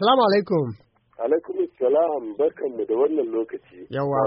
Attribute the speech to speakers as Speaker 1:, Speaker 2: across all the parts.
Speaker 1: Salamu alaikum. Alaikum salam mu da wannan lokaci. Yawwa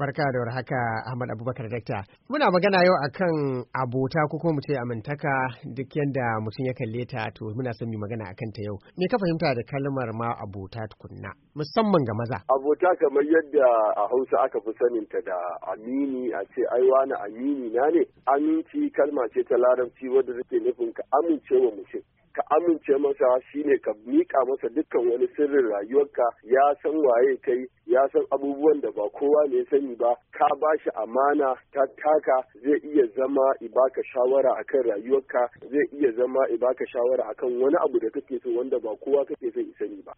Speaker 1: barka da warhaka Ahmad Abubakar Dakta. Muna magana yau akan abota ko kuma mu ce amintaka duk yadda mutum ya kalle ta to muna son mu magana akan ta yau. Me ka fahimta da kalmar ma abota tukunna musamman ga maza? Abota kamar yadda a Hausa aka fi sanin ta da amini a ce ai wani amini na ne. Aminci kalma ce ta larabci wadda take nufin ka amince wa mutum. ka amince masa shine ka mika masa dukkan wani sirrin rayuwarka ya san waye kai ya san abubuwan da ba kowa ne sani ba ka ba shi amana ta taka zai iya zama ibaka shawara akan rayuwarka zai iya zama ibaka shawara akan wani abu da kake so wanda ba kowa kake son sani ba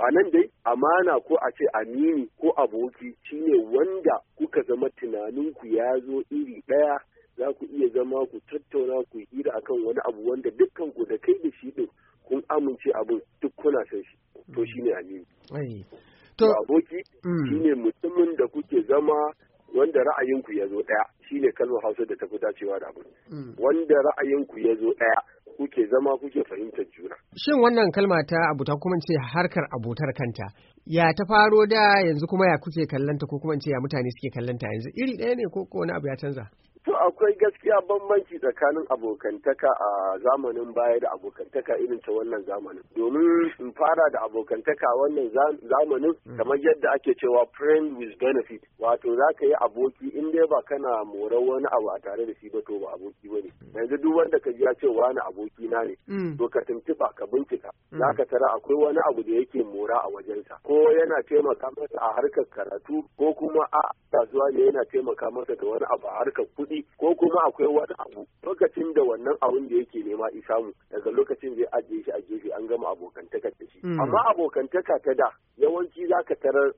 Speaker 1: a nan dai amana ko a ce amini ko aboki shine wanda kuka zama tunaninku ya zo iri ɗaya za ku iya zama ku tattauna ku hira akan wani abu wanda dukkan ku da kai ce abin duk kuna san shi to mm. ne amini to aboki mm. ne mutumin da kuke zama wanda ra'ayinku ya zo ɗaya shi ne kalmar hausa da tafi dacewa da abu mm. wanda ra'ayinku ya zo ɗaya kuke zama kuke fahimtar juna shin wannan kalma ta abuta kuma ce harkar abotar kanta ya ta faro da yanzu kuma ya kuke kallanta ko kuma ce ya mutane suke kallanta yanzu iri ɗaya ne ko ko wani abu ya canza To akwai gaskiya bambanci tsakanin abokantaka a zamanin baya da abokantaka irin ta wannan zamanin. Domin in fara da abokantaka wannan zamanin mm. kamar yadda ake cewa friend with benefit wato za ka yi aboki in dai ba kana morar wani abu a tare da shi ba to ba aboki ba ne. Mm. Yanzu duk wanda ka ji ya ce wani aboki na ne mm. to ka tuntuɓa ka bincika za ka tara akwai wani abu da yake mora a wajensa ko yana taimaka masa a harkar karatu ko kuma a kasuwa ne yana taimaka masa da wani abu a harkar kuɗi kuɗi ko kuma akwai wani abu lokacin da wannan abun da yake nema isamu daga lokacin zai ajiye shi a gefe an gama abokantaka da shi hmm. amma abokantaka ta da yawanci zaka tarar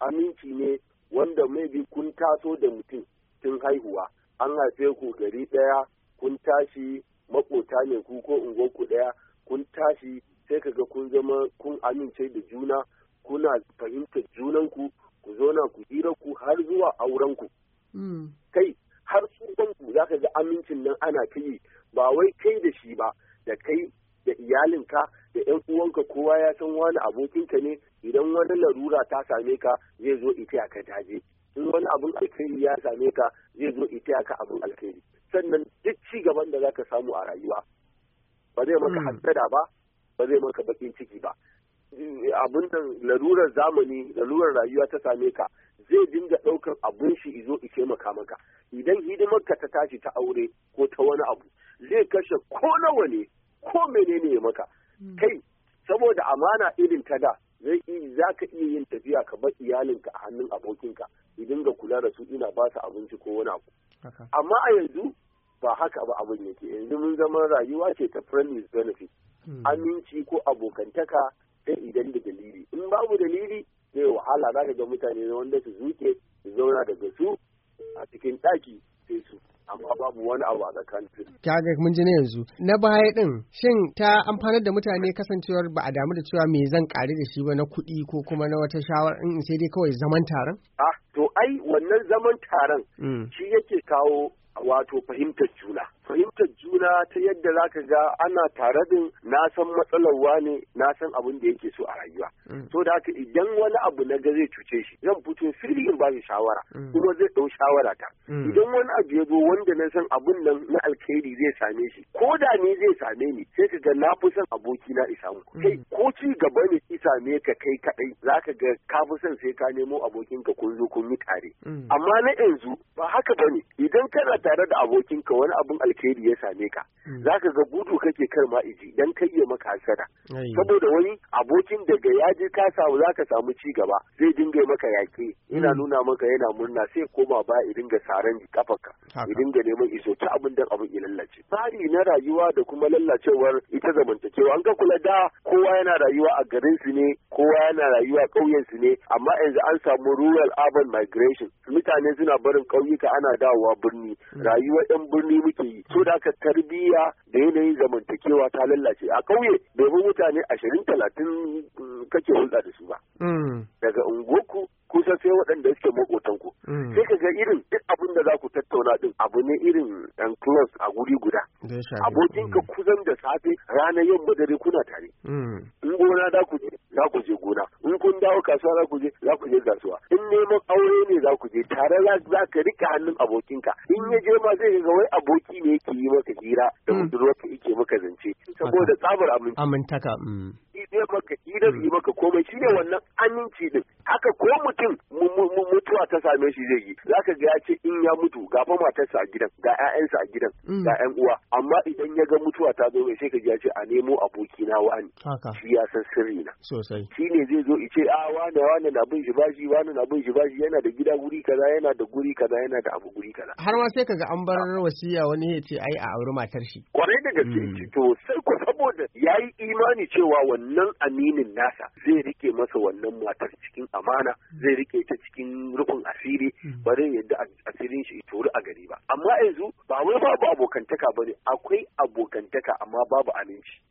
Speaker 1: aminci ne wanda bi kun taso da mutum tun haihuwa an haife ku gari ɗaya kun tashi makota ne ku ko ku ɗaya kun tashi sai ka ga kun zama kun amince da juna kuna fahimtar junanku ku zo na ku hira ku har zuwa aurenku. Hmm. Kai har su tsufanku za ka ga amincin nan ana ta yi ba wai kai da shi ba da kai da iyalinka da yan uwanka kowa ya san wani abokinka ne idan wani larura ta same ka zai zo ita ya ka daje. in wani abun alkhairi ya same ka zai zo ita ya ka abun alkhairi sannan duk ci gaban da za ka samu a rayuwa ba zai maka hmm. haddada ba ba zai maka bakin ciki ba abun nan larurar zamani larurar rayuwa ta same ka zai dinga ɗaukar abun shi izo ike maka maka idan hidimarka ta tashi ta aure ko ta wani abu zai kashe ko nawa ne ko menene ya maka hmm. kai saboda amana irin ta da zai za ka iya yin tafiya ka bar iyalinka a hannun abokinka idan ga kula da su ina ba su abinci ko wani abu amma a yanzu ba haka ba abin yake yanzu mun zama rayuwa ce ta friendly benefit hmm. aminci ko abokantaka sai idan da dalili in babu dalili zai wahala za ka ga mutane na wanda su zuke su zauna daga su a cikin ɗaki sai su amma babu wani abu a tsakanin su. Kaga mun ji na yanzu. Na baya din shin ta amfanar da mutane kasancewar ba a damu da cewa me zan kare da shi ba na kuɗi ko kuma na wata shawara in sai dai kawai zaman taron? Ah to ai wannan zaman taron hmm. shi yake kawo wato fahimtar juna. fahimtar juna ta yadda za ka ga ana tare din na san matsalar wane na san abin da yake so a rayuwa mm. so da haka idan wani abu na ga zai cuce shi zan fito sirri in ba shi shawara mm. kuma zai ɗau shawara ta mm. idan wani abu ya zo wanda na san abun nan na alkhairi zai same shi ko da ni zai same ni sai ka ga na fi son aboki na isamu kai ko ci gaba ne ki same ka kai kaɗai za ka ga ka fi son sai ka nemo abokinka kun zo kun yi tare amma na yanzu ba haka bane idan kana tare da abokinka wani abun alkhairi alheri ya same ka zaka ga gudu kake kar ma iji dan kai ya maka hasara saboda wani abokin daga ya je ka samu ka samu ci gaba zai dinga maka yaƙi. ina mm. nuna maka yana murna sai koma ba ya dinga saran kafarka ya dinga neman iso ta abin da abin ya lallace tsari na rayuwa da kuma lallacewar ita zamantakewa an ga kula da kowa yana rayuwa a garin su ne kowa yana rayuwa a ƙauyen su ne amma yanzu an samu rural urban migration mutane suna barin ƙauyuka ana dawowa birni mm. rayuwar yan birni muke yi so da ka tarbiyya tarbiyya da yanayin zamantakewa ta lallace a ƙauye bai bi mutane ashirin talatin mm, kake hulɗa da su ba mm. daga unguwarku kusan sai waɗanda suke makotanku mm. sai ka ga irin duk abin da za ku tattauna din abu ne irin ɗan klas a guri guda abokinka kusan da safe ranar yamma dare kuna tare in gona za ku dawo kasuwa za ku je za ku je kasuwa in neman aure ne za ku je tare za ka rika hannun abokinka in ya je ma zai ga wai aboki ne yake yi maka hira da mm. budurwarka yake maka zance saboda tsabar amintaka mm. maka hira hmm. yi maka komai shi wannan aminci din haka ko mutum mutuwa ta same shi zai yi za ka ga ya ce in ya mutu ga fa matarsa a gidan ga ƴaƴansa a gidan hmm. ga ƴan uwa amma idan ya ga mutuwa ta zo sai ka ji ce a nemo abokina wani shi ya san sirri na sosai shi ne zai zo ice a wane wane na bin shi bashi wane na bin shi bashi yana da gida guri kaza yana da guri kaza yana da abu guri kaza har ma sai kaga an bar wasiya wani ya ce ai a auri matar shi kwarai da gaske hmm. to sai ku saboda yayi imani cewa wannan aminin nasa zai rike masa wannan matar cikin amana zai rike ta cikin rufin asiri hmm. ba zai yadda asirin shi turu a gari ba amma yanzu ba wai babu abokantaka bane akwai abokantaka amma babu aminci